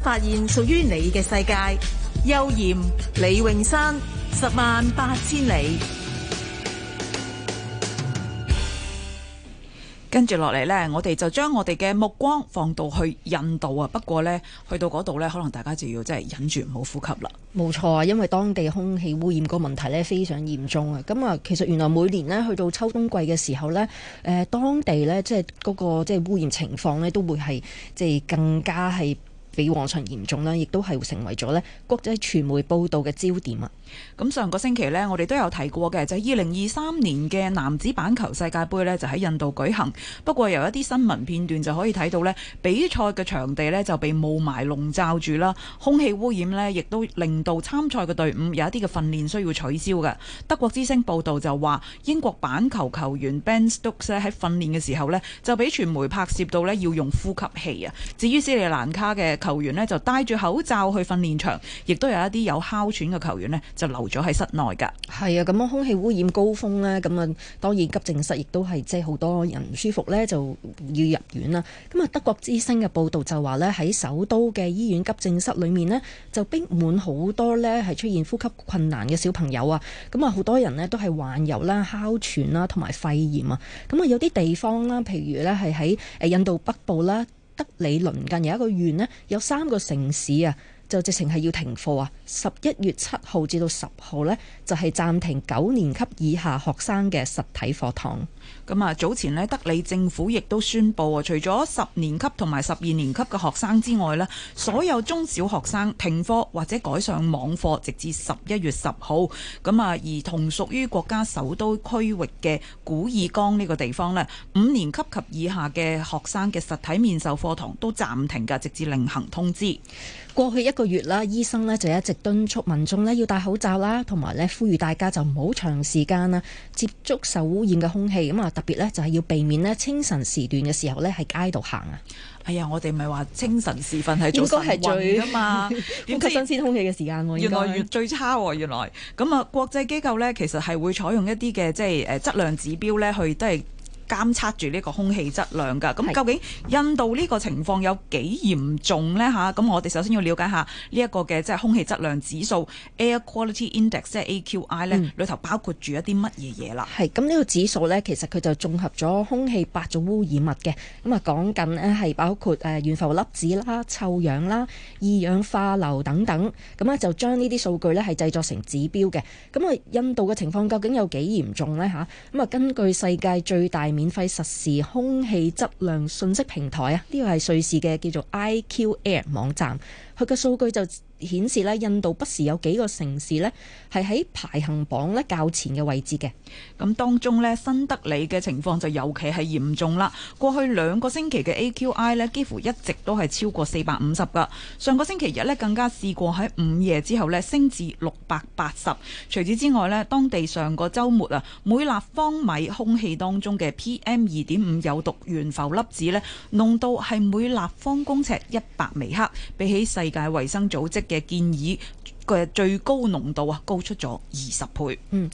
發現屬於你嘅世界。邱艷、李永山，十萬八千里。跟住落嚟呢，我哋就將我哋嘅目光放到去印度啊。不過呢，去到嗰度呢，可能大家就要真係忍住唔好呼吸啦。冇錯啊，因為當地空氣污染嗰個問題呢非常嚴重啊。咁啊，其實原來每年呢，去到秋冬季嘅時候呢，誒、呃，當地呢，即係嗰個即係、即係、污染情況呢，都會係即係更加係。比往常嚴重啦，亦都係成為咗咧國際傳媒報道嘅焦點啊。咁上個星期呢，我哋都有提過嘅，就係二零二三年嘅男子板球世界盃呢，就喺印度舉行。不過由一啲新聞片段就可以睇到呢，比賽嘅場地呢，就被霧霾籠罩住啦，空氣污染呢，亦都令到參賽嘅隊伍有一啲嘅訓練需要取消㗎。德國之聲報道就話，英國板球球員 Ben Stokes 喺訓練嘅時候呢，就俾傳媒拍攝到呢，要用呼吸器啊。至於斯里蘭卡嘅球員呢，就戴住口罩去訓練場，亦都有一啲有哮喘嘅球員呢。就留咗喺室內㗎。係啊，咁啊空氣污染高峰呢，咁啊當然急症室亦都係即係好多人唔舒服呢，就要入院啦。咁啊德國之聲嘅報道就話呢，喺首都嘅醫院急症室裏面呢，就逼滿好多呢係出現呼吸困難嘅小朋友啊。咁啊好多人呢都係患有啦哮喘啦同埋肺炎啊。咁啊有啲地方啦，譬如呢係喺誒印度北部啦德里鄰近有一個縣呢，有三個城市啊。就直情係要停課啊！十一月七號至到十號咧，就係暫停九年級以下學生嘅實體課堂。咁啊，早前呢，德里政府亦都宣布，啊，除咗十年級同埋十二年級嘅學生之外呢，所有中小學生停課或者改上網課，直至十一月十號。咁啊，而同屬於國家首都區域嘅古爾岡呢個地方呢，五年級及以下嘅學生嘅實體面授課堂都暫停噶，直至另行通知。過去一個月啦，醫生咧就一直敦促民眾咧要戴口罩啦，同埋咧呼籲大家就唔好長時間啦接觸受污染嘅空氣。啊！特別咧，就係、是、要避免咧清晨時段嘅時候咧喺街度行啊！哎呀，我哋咪話清晨時分係應該係最啊嘛咁，吸新鮮空氣嘅時間喎，原來越最差喎、啊，原來咁啊！國際機構咧其實係會採用一啲嘅即係誒質量指標咧去都係。監測住呢個空氣質量㗎，咁究竟印度呢個情況有幾嚴重呢？吓是，咁我哋首先要了解下呢一個嘅即係空氣質量指數 （air quality index，即係 AQI） 咧，裏頭包括住一啲乜嘢嘢啦？係，咁呢個指數呢，其實佢就綜合咗空氣八種污染物嘅，咁啊講緊係包括誒、呃、懸浮粒子啦、臭氧啦、二氧化硫等等，咁咧就將呢啲數據呢係製作成指標嘅。咁啊，印度嘅情況究竟有幾嚴重呢？吓、啊，咁啊根據世界最大。免費實時空氣質量信息平台啊！呢個係瑞士嘅叫做 IQ Air 網站。佢嘅數據就顯示咧，印度不時有幾個城市呢係喺排行榜咧較前嘅位置嘅。咁當中呢，新德里嘅情況就尤其係嚴重啦。過去兩個星期嘅 AQI 呢，幾乎一直都係超過四百五十噶。上個星期日呢，更加試過喺午夜之後呢升至六百八十。除此之外呢，當地上個週末啊，每立方米空氣當中嘅 PM 二點五有毒懸浮粒子呢，濃度係每立方公尺一百微克，比起細，世界衛生組織嘅建議嘅最高濃度啊，高出咗二十倍。嗯，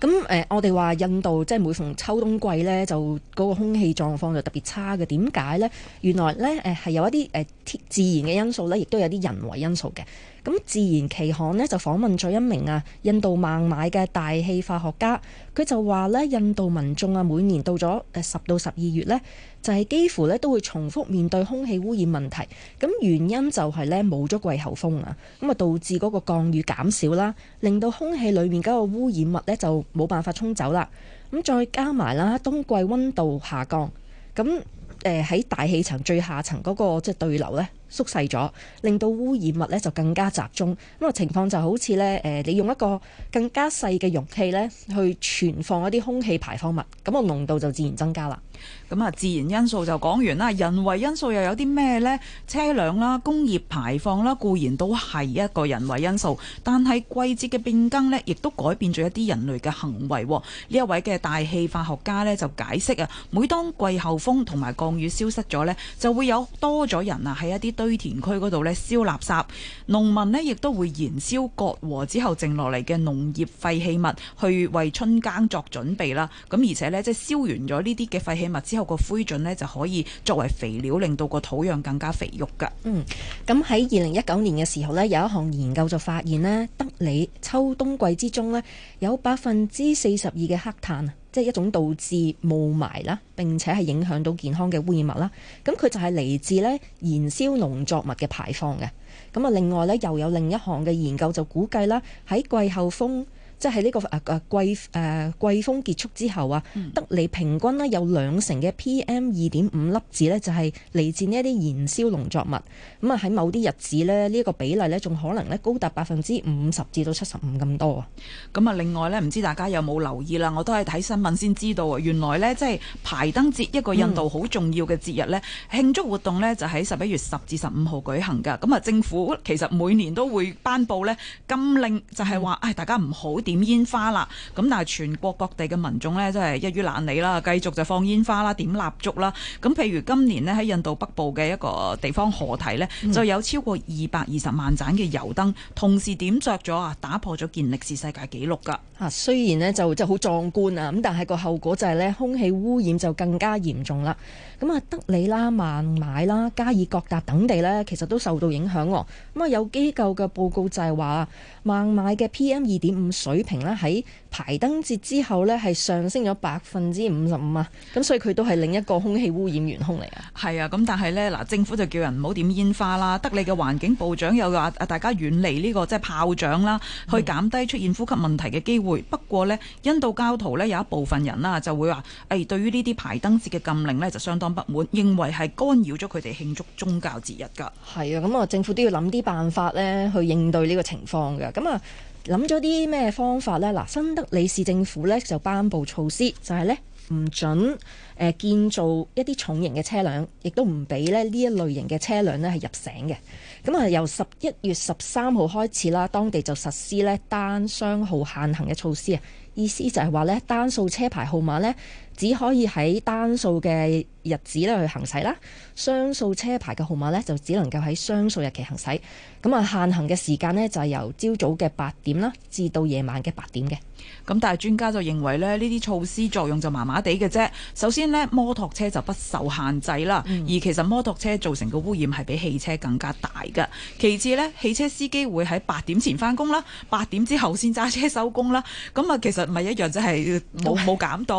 咁誒，我哋話印度即係、就是、每逢秋冬季呢，就嗰個空氣狀況就特別差嘅。點解呢？原來呢，誒係有一啲誒自然嘅因素呢，亦都有啲人為因素嘅。咁自然期刊呢，就訪問咗一名啊印度孟買嘅大氣化學家，佢就話呢，印度民眾啊每年到咗誒十到十二月呢，就係、是、幾乎呢都會重複面對空氣污染問題，咁原因就係呢，冇咗季候風啊，咁啊導致嗰個降雨減少啦，令到空氣裡面嗰個污染物呢就冇辦法沖走啦，咁再加埋啦冬季温度下降，咁誒喺大氣層最下層嗰、那個即係、就是、對流呢。縮細咗，令到污染物咧就更加集中。咁啊，情況就好似呢，誒、呃，你用一個更加細嘅容器呢去存放一啲空氣排放物，咁、個濃度就自然增加啦。咁啊、嗯，自然因素就講完啦。人為因素又有啲咩呢？車輛啦、工業排放啦，固然都係一個人為因素。但係季節嘅變更呢，亦都改變咗一啲人類嘅行為，哦。呢一位嘅大氣化學家呢，就解釋啊，每當季候風同埋降雨消失咗呢，就會有多咗人啊喺一啲堆填區嗰度咧燒垃圾，農民呢亦都會燃燒割禾之後剩落嚟嘅農業廢棄物，去為春耕作準備啦。咁而且呢，即係燒完咗呢啲嘅廢棄物之後，個灰燼呢就可以作為肥料，令到個土壤更加肥沃噶。嗯，咁喺二零一九年嘅時候呢，有一項研究就發現呢，德里秋冬季之中呢，有百分之四十二嘅黑炭，即係一種導致霧霾啦，並且係影響到健康嘅污染物啦。咁佢就係嚟自呢燃燒農作物嘅排放嘅。咁啊，另外呢，又有另一項嘅研究就估計啦，喺季候風。即係呢、這個誒誒季誒季風結束之後啊，嗯、得利平均呢有兩成嘅 PM 二點五粒子呢就係、是、嚟自呢一啲燃燒農作物。咁啊喺某啲日子呢，呢、這、一個比例呢仲可能呢高達百分之五十至到七十五咁多啊。咁啊另外呢，唔知道大家有冇留意啦？我都係睇新聞先知道啊。原來呢，即、就、係、是、排燈節一個印度好重要嘅節日呢，嗯、慶祝活動呢就喺十一月十至十五號舉行㗎。咁啊，政府其實每年都會頒布呢禁令就是說，就係話唉，大家唔好點煙花啦，咁但係全國各地嘅民眾呢，真係一於懶理啦，繼續就放煙花啦，點蠟燭啦。咁譬如今年呢，喺印度北部嘅一個地方河堤呢，就有超過二百二十萬盞嘅油燈同時點著咗啊，打破咗健力士世界紀錄噶。啊，雖然呢，就即係好壯觀啊，咁但係個後果就係呢，空氣污染就更加嚴重啦。咁啊，德里啦、孟買啦、加爾各達等地呢，其實都受到影響。咁啊，有機構嘅報告就係話，孟買嘅 P M 二點五水水平咧，喺排燈節之後呢，係上升咗百分之五十五啊，咁所以佢都係另一個空氣污染元凶嚟啊。係啊，咁但係呢，嗱，政府就叫人唔好點煙花啦，德里嘅環境部長又話啊，大家遠離呢個即係、就是、炮仗啦，去減低出現呼吸問題嘅機會。嗯、不過呢，印度教徒呢，有一部分人啦就會話誒，對於呢啲排燈節嘅禁令呢，就相當不滿，認為係干擾咗佢哋慶祝宗教節日噶。係啊，咁、嗯、啊，政府都要諗啲辦法呢，去應對呢個情況噶。咁啊。諗咗啲咩方法呢？嗱，新德里市政府呢就頒布措施，就係呢唔准建造一啲重型嘅車輛，亦都唔俾呢呢一類型嘅車輛呢係入城嘅。咁啊，由十一月十三號開始啦，當地就實施呢單雙號限行嘅措施啊。意思就係話呢單數車牌號碼呢。只可以喺單數嘅日子咧去行駛啦，雙數車牌嘅號碼咧就只能夠喺雙數日期行駛。咁啊，限行嘅時間呢，就係由朝早嘅八點啦，至到夜晚嘅八點嘅。咁但係專家就認為咧，呢啲措施作用就麻麻地嘅啫。首先呢，摩托車就不受限制啦，嗯、而其實摩托車造成嘅污染係比汽車更加大嘅。其次呢，汽車司機會喺八點前返工啦，八點之後先揸車收工啦。咁啊，其實咪一樣，即係冇冇減到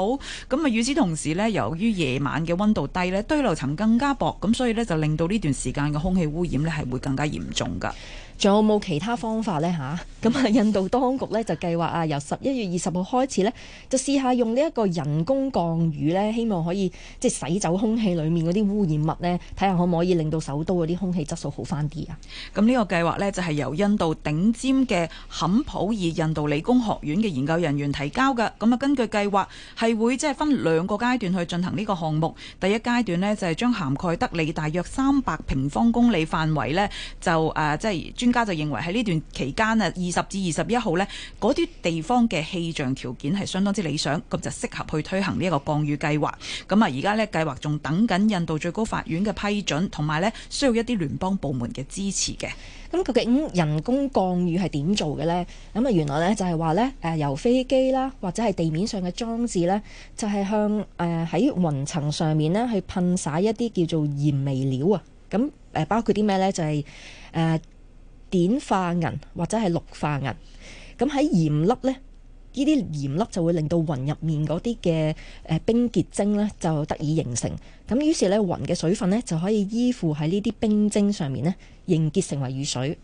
咁。與此同時咧，由於夜晚嘅溫度低咧，對流層更加薄，咁所以咧就令到呢段時間嘅空氣污染咧係會更加嚴重㗎。仲有冇其他方法咧吓？咁啊，印度當局咧就計劃啊，由十一月二十號開始咧，就試下用呢一個人工降雨咧，希望可以即係、就是、洗走空氣裏面嗰啲污染物咧，睇下可唔可以令到首都嗰啲空氣質素好翻啲啊？咁呢個計劃咧就係、是、由印度頂尖嘅坎普爾印度理工學院嘅研究人員提交嘅，咁啊，根據計劃係會即係分兩個階段去進行呢個項目。第一階段咧就係、是、將涵蓋德里大約三百平方公里範圍咧，就誒即係。啊就是。專家就認為喺呢段期間啊，二十至二十一號呢嗰啲地方嘅氣象條件係相當之理想，咁就適合去推行呢一個降雨計劃。咁啊，而家呢計劃仲等緊印度最高法院嘅批准，同埋呢需要一啲聯邦部門嘅支持嘅。咁究竟人工降雨係點做嘅呢？咁啊，原來呢就係話呢誒、呃、由飛機啦，或者係地面上嘅裝置呢，就係、是、向誒喺、呃、雲層上面呢去噴灑一啲叫做鹽微料啊。咁誒包括啲咩呢？就係、是、誒。呃碘化銀或者係氯化銀，咁喺鹽粒呢，呢啲鹽粒就會令到雲入面嗰啲嘅誒冰結晶呢就得以形成，咁於是呢，雲嘅水分呢就可以依附喺呢啲冰晶上面呢凝結成為雨水。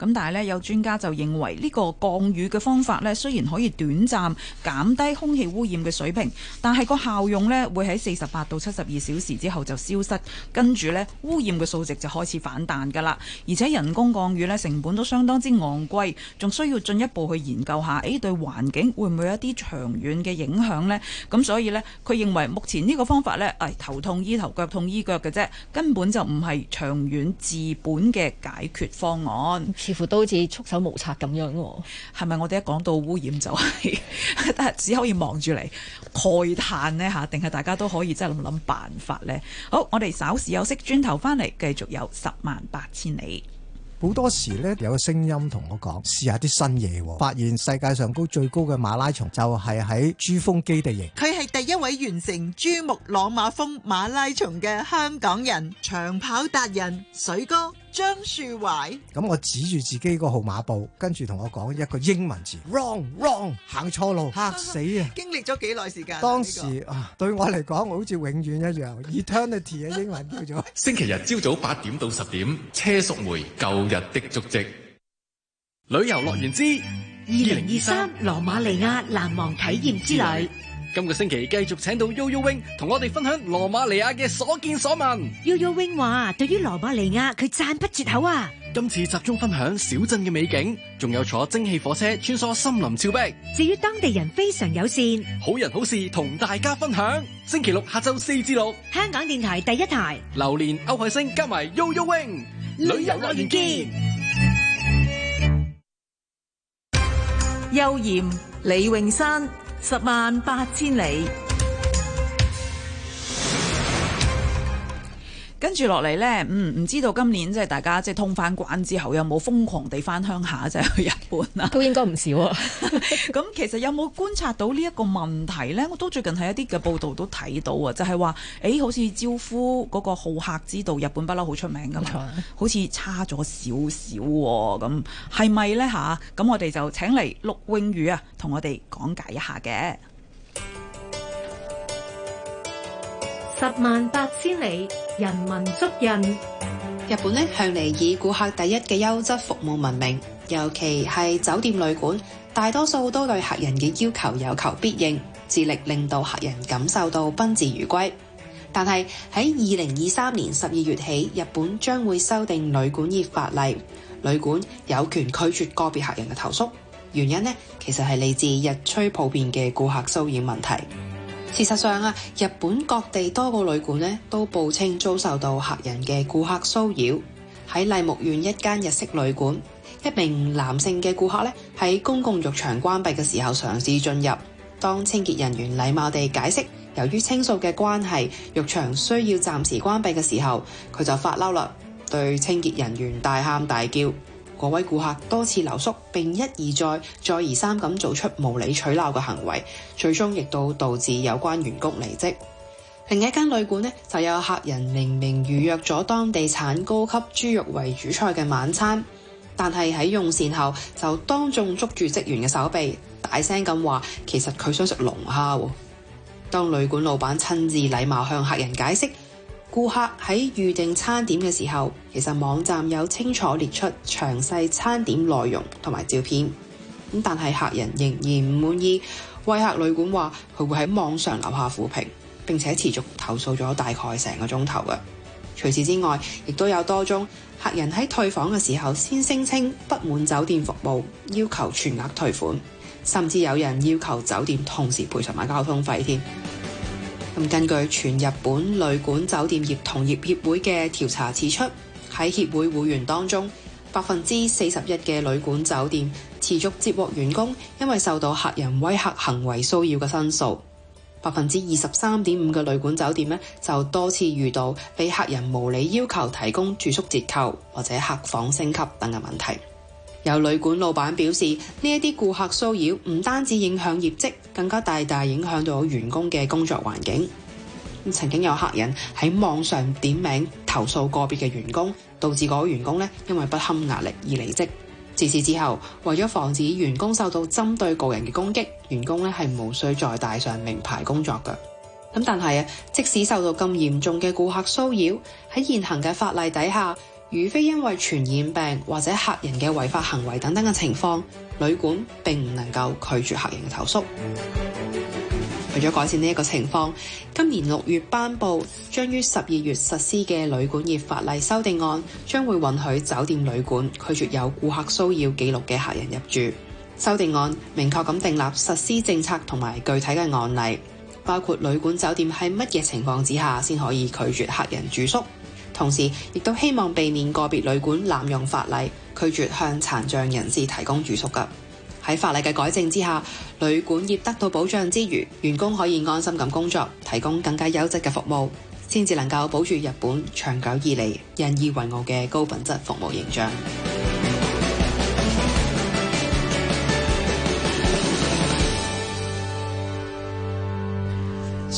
咁但係咧，有專家就認為呢個降雨嘅方法呢，雖然可以短暫減低空氣污染嘅水平，但係個效用呢會喺四十八到七十二小時之後就消失，跟住呢污染嘅數值就開始反彈㗎啦。而且人工降雨呢成本都相當之昂貴，仲需要進一步去研究下，誒對環境會唔會有一啲長遠嘅影響呢？咁所以呢，佢認為目前呢個方法呢，係頭痛醫頭，腳痛醫腳嘅啫，根本就唔係長遠治本嘅解決方案。似乎都好似束手無策咁樣，係咪我哋一講到污染就係、係、 只可以望住嚟慨嘆呢，吓？定係大家都可以真係諗諗辦法呢。好，我哋稍事休息，轉頭返嚟繼續有十萬八千里。好多時呢，有聲音同我講試下啲新嘢，發現世界上高最高嘅馬拉松就係喺珠峰基地營。佢係第一位完成珠穆朗瑪峰馬拉松嘅香港人，長跑達人水哥。張樹懷，咁我指住自己個號碼簿，跟住同我講一個英文字，wrong wrong，行錯路，吓死啊！啊經歷咗幾耐時間，當時、這個啊、對我嚟講，我好似永遠一樣，eternity 嘅英文叫做、啊。 星期日朝早八點到十點，車淑梅，舊日的足迹，旅遊樂園之二零二三羅馬尼亞難忘體驗之旅。今個星期繼續請到 YoYo Wing 同我哋分享羅馬尼亞嘅所見所聞。YoYo Wing 話，對於羅馬尼亞佢讚不絕口啊！今次集中分享小鎮嘅美景，仲有坐蒸汽火車穿梭森林峭壁。至於當地人非常友善，好人好事同大家分享。星期六下晝四至六，香港電台第一台，劉蓮、歐海星加埋 YoYo Wing 旅遊樂園見。邱賢、李永山。十萬八千里。跟住落嚟呢，嗯，唔知道今年即係大家即係通翻關之後，有冇瘋狂地翻鄉下就係去日本啊？都應該唔少。咁其實有冇觀察到呢一個問題呢？我都最近喺一啲嘅報道都睇到啊，就係話，誒，好似招呼嗰個好客之道，日本不嬲好出名噶嘛，好似差咗少少喎。咁係咪呢？吓，咁我哋就請嚟陸穎瑜啊，同我哋講解一下嘅。十萬八千里，人文足印。日本呢，向嚟以顧客第一嘅優質服務聞名，尤其係酒店旅館，大多數都對客人嘅要求有求必應，致力令到客人感受到賓至如歸。但係喺二零二三年十二月起，日本將會修訂旅館業法例，旅館有權拒絕個別客人嘅投訴。原因呢，其實係嚟自日趨普遍嘅顧客騷擾問題。事實上啊，日本各地多個旅館咧都報稱遭受到客人嘅顧客騷擾。喺麗木園一間日式旅館，一名男性嘅顧客咧喺公共浴場關閉嘅時候嘗試進入。當清潔人員禮貌地解釋由於清掃嘅關係，浴場需要暫時關閉嘅時候，佢就發嬲啦，對清潔人員大喊大叫。嗰位顧客多次留宿，並一而再、再而三咁做出無理取鬧嘅行為，最終亦都導致有關員工離職。另一間旅館呢，就有客人明明預約咗當地產高級豬肉為主菜嘅晚餐，但係喺用膳後就當眾捉住職員嘅手臂，大聲咁話：其實佢想食龍蝦。當旅館老闆親自禮貌向客人解釋。顧客喺預定餐點嘅時候，其實網站有清楚列出詳細餐點內容同埋照片。咁但係客人仍然唔滿意，威嚇旅館話佢會喺網上留下負評，並且持續投訴咗大概成個鐘頭嘅。除此之外，亦都有多宗客人喺退房嘅時候先聲稱不滿酒店服務，要求全額退款，甚至有人要求酒店同時賠償埋交通費添。根據全日本旅館酒店業同業協會嘅調查指出，喺協會會員當中，百分之四十一嘅旅館酒店持續接獲員工因為受到客人威嚇行為騷擾嘅申訴，百分之二十三點五嘅旅館酒店呢，就多次遇到被客人無理要求提供住宿折扣或者客房升級等嘅問題。有旅館老闆表示，呢一啲顧客騷擾唔單止影響業績，更加大大影響到員工嘅工作環境。曾經有客人喺網上點名投訴個別嘅員工，導致嗰員工因為不堪壓力而離職。自此之後，為咗防止員工受到針對個人嘅攻擊，員工咧係無需再戴上名牌工作嘅。咁但係啊，即使受到咁嚴重嘅顧客騷擾，喺現行嘅法例底下，如非因為傳染病或者客人嘅違法行為等等嘅情況，旅館並唔能夠拒絕客人嘅投宿。為咗改善呢一個情況，今年六月頒布、將於十二月實施嘅旅館業法例修訂案，將會允許酒店旅館拒絕有顧客騷擾記錄嘅客人入住。修訂案明確咁訂立實施政策同埋具體嘅案例，包括旅館酒店喺乜嘢情況之下先可以拒絕客人住宿。同時，亦都希望避免個別旅館濫用法例，拒絕向殘障人士提供住宿嘅。喺法例嘅改正之下，旅館業得到保障之餘，員工可以安心咁工作，提供更加優質嘅服務，先至能夠保住日本長久以嚟引以為傲嘅高品質服務形象。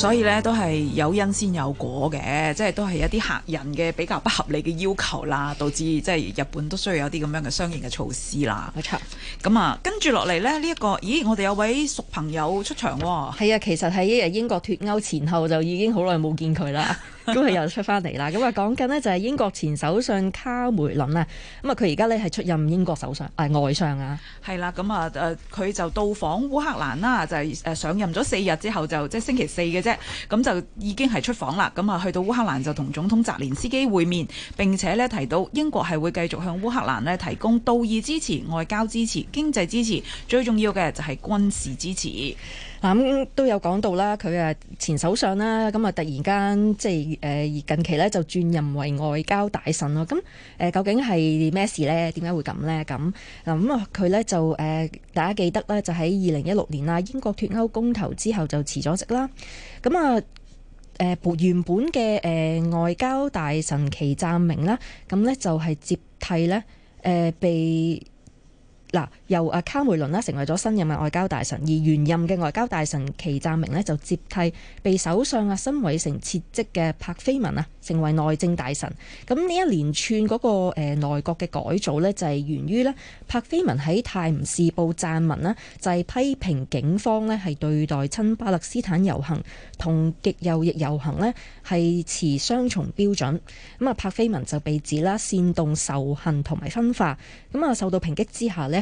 所以咧都係有因先有果嘅，即係都係一啲客人嘅比較不合理嘅要求啦，導致即係日本都需要有啲咁樣嘅相應嘅措施啦。冇錯、嗯。咁啊，跟住落嚟咧，呢一個，咦，我哋有位熟朋友出場喎、哦。係啊、嗯，其實喺英國脫歐前後就已經好耐冇見佢啦。 咁佢 又出翻嚟啦，咁啊講緊呢，就係英國前首相卡梅倫啦，咁啊佢而家呢，係出任英國首相，係、呃、外相啊。係啦，咁啊誒佢就到訪烏克蘭啦，就係誒上任咗四日之後就即係星期四嘅啫，咁、嗯、就已經係出訪啦。咁、嗯、啊去到烏克蘭就同總統澤連斯基會面，並且呢，提到英國係會繼續向烏克蘭呢提供道義支持、外交支持、經濟支持，最重要嘅就係軍事支持。咁、嗯、都有講到啦，佢啊前首相啦，咁啊突然間即係誒、呃、近期咧就轉任為外交大臣咯。咁誒、呃、究竟係咩事咧？點解會咁咧？咁，嗱，咁啊佢咧就誒、呃、大家記得咧就喺二零一六年啊，英國脱歐公投之後就辭咗職啦。咁啊誒原本嘅誒、呃、外交大神奇湛明外交大臣祁湛明啦，咁咧就係、是、接替咧誒、呃、被。嗱，由阿卡梅倫啦成為咗新任嘅外交大臣，而原任嘅外交大臣祁湛明咧就接替被首相阿辛偉誠撤職嘅柏菲文啊，成為內政大臣。咁呢一連串嗰個誒內閣嘅改造咧，就係源於咧柏菲文喺泰晤士報撰文啦，就係批評警方咧係對待親巴勒斯坦遊行同極右翼遊行咧係持雙重標準，咁啊，柏菲文就被指啦煽動仇恨同埋分化。咁啊，受到抨擊之下咧。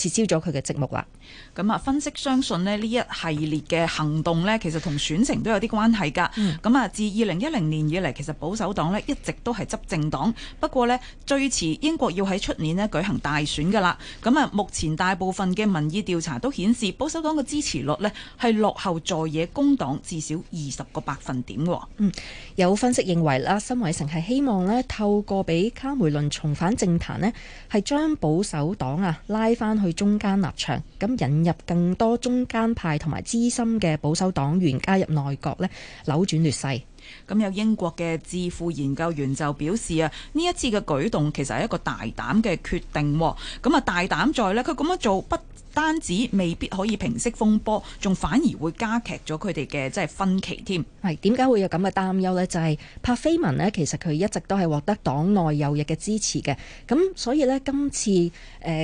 撤銷咗佢嘅職務啦。咁啊，分析相信咧呢一系列嘅行動咧，其實同選情都有啲關係噶，咁啊，自二零一零年以嚟，其實保守黨咧一直都係執政黨，不過咧，最遲英國要喺出年咧舉行大選噶啦。咁啊，目前大部分嘅民意調查都顯示保守黨嘅支持率咧係落後在野工黨至少二十個百分點，嗯，有分析認為啦，辛偉誠係希望咧透過俾卡梅倫重返政壇咧，係將保守黨啊拉翻去。中間立場，咁引入更多中間派同埋資深嘅保守黨員加入內閣呢，扭轉劣勢。咁有英國嘅智庫研究員就表示啊，呢一次嘅舉動其實係一個大膽嘅決定。咁啊，大膽在呢，佢咁樣做不單止未必可以平息風波，仲反而會加劇咗佢哋嘅即係分歧添。係點解會有咁嘅擔憂呢？就係、是、帕菲文呢，其實佢一直都係獲得黨內右翼嘅支持嘅。咁所以呢，今次誒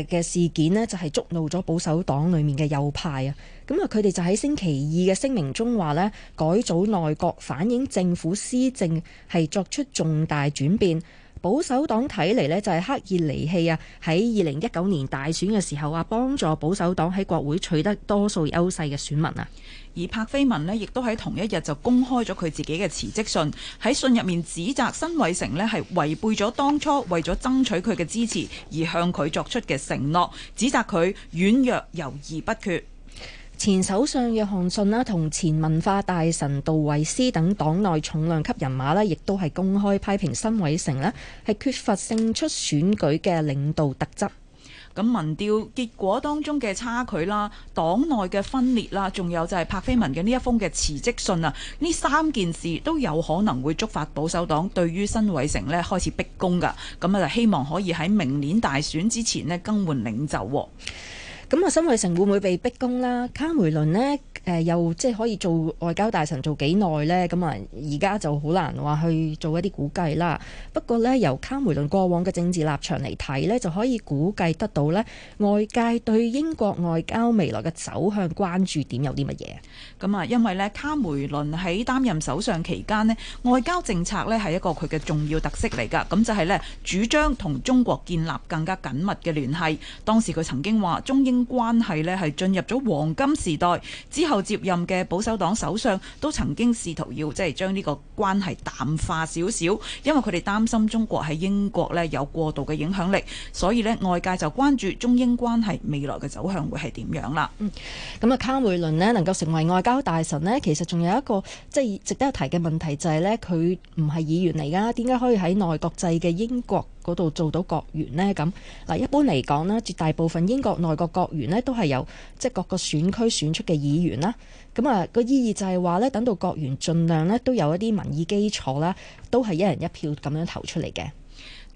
嘅事件呢，就係、是、觸怒咗保守黨裡面嘅右派啊。咁啊！佢哋就喺星期二嘅聲明中話呢，改組內閣反映政府施政係作出重大轉變，保守黨睇嚟呢，就係刻意離棄啊。喺二零一九年大選嘅時候啊，幫助保守黨喺國會取得多數優勢嘅選民啊。而柏菲文呢，亦都喺同一日就公開咗佢自己嘅辭職信，喺信入面指責辛偉誠呢係違背咗當初為咗爭取佢嘅支持而向佢作出嘅承諾，指責佢軟弱猶豫不決。前首相約翰遜啦，同前文化大臣杜維斯等黨內重量級人馬咧，亦都係公開批評新偉成咧，係缺乏勝出選舉嘅領導特質。咁民調結果當中嘅差距啦，黨內嘅分裂啦，仲有就係柏菲文嘅呢一封嘅辭職信啊，呢三件事都有可能會觸發保守黨對於新偉成咧開始逼宮噶。咁啊，就希望可以喺明年大選之前咧更換領袖。咁啊，新外臣會唔會被逼宮啦？卡梅倫咧，誒、呃、又即係可以做外交大臣做幾耐咧？咁啊，而家就好難話去做一啲估計啦。不過咧，由卡梅倫過往嘅政治立場嚟睇，咧，就可以估計得到咧，外界對英國外交未來嘅走向關注點有啲乜嘢？咁啊，因為咧，卡梅倫喺擔任首相期間咧，外交政策咧係一個佢嘅重要特色嚟㗎。咁就係咧，主張同中國建立更加緊密嘅聯繫，當時佢曾經話中英。關係呢，係進入咗黃金時代之後，接任嘅保守黨首相都曾經試圖要即係將呢個關係淡化少少，因為佢哋擔心中國喺英國呢有過度嘅影響力，所以呢，外界就關注中英關係未來嘅走向會係點樣啦。嗯，咁啊卡梅倫呢，能夠成為外交大臣呢，其實仲有一個即係值得提嘅問題就係呢，佢唔係議員嚟噶，點解可以喺內國際嘅英國？嗰度做到閣員呢，咁嗱，一般嚟講呢，絕大部分英國內閣閣員呢，都係由即係各個選區選出嘅議員啦。咁啊，個意義就係話呢，等到閣員盡量呢，都有一啲民意基礎啦，都係一人一票咁樣投出嚟嘅。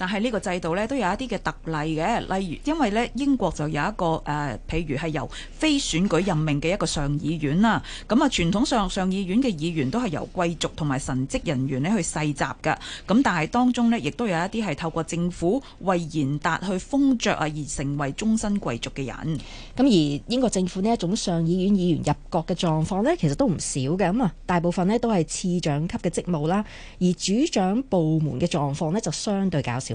但係呢個制度呢，都有一啲嘅特例嘅，例如因為呢英國就有一個誒、呃，譬如係由非選舉任命嘅一個上議院啦。咁啊，傳統上上議院嘅議員都係由貴族同埋神職人員呢去世襲嘅。咁、啊、但係當中呢，亦都有一啲係透過政府為賢達去封爵啊，而成為終身貴族嘅人。咁而英國政府呢一種上議院議員入閣嘅狀況呢，其實都唔少嘅。咁啊，大部分呢，都係次長級嘅職務啦，而主長部門嘅狀況呢，就相對較少。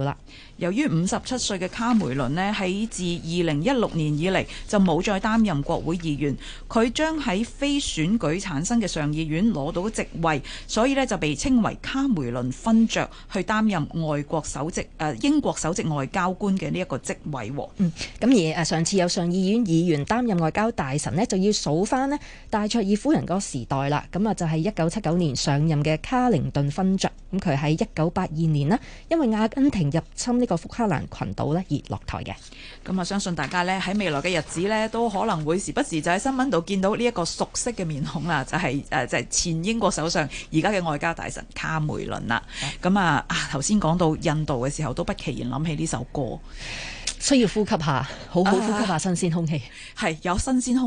由於五十七歲嘅卡梅倫呢，喺自二零一六年以嚟就冇再擔任國會議員，佢將喺非選舉產生嘅上議院攞到席位，所以呢就被稱為卡梅倫勳爵去擔任外國首席誒、啊、英國首席外交官嘅呢一個職位。嗯，咁而誒上次有上議院議員擔任外交大臣呢，就要數翻呢戴卓爾夫人嗰個時代啦。咁啊，就係一九七九年上任嘅卡靈頓勳爵，咁佢喺一九八二年呢，因為阿根廷入侵呢個福克蘭群島咧，而落台嘅。咁啊，相信大家咧，喺未來嘅日子咧都可能會時不時就喺新聞度見到呢一個熟悉嘅面孔啦，就係誒就係前英國首相而家嘅外交大臣卡梅倫啦。咁啊啊頭先講到印度嘅時候，都不期然諗起呢首歌，需要呼吸下，好好呼吸下新鮮空氣，係、啊、有新鮮空。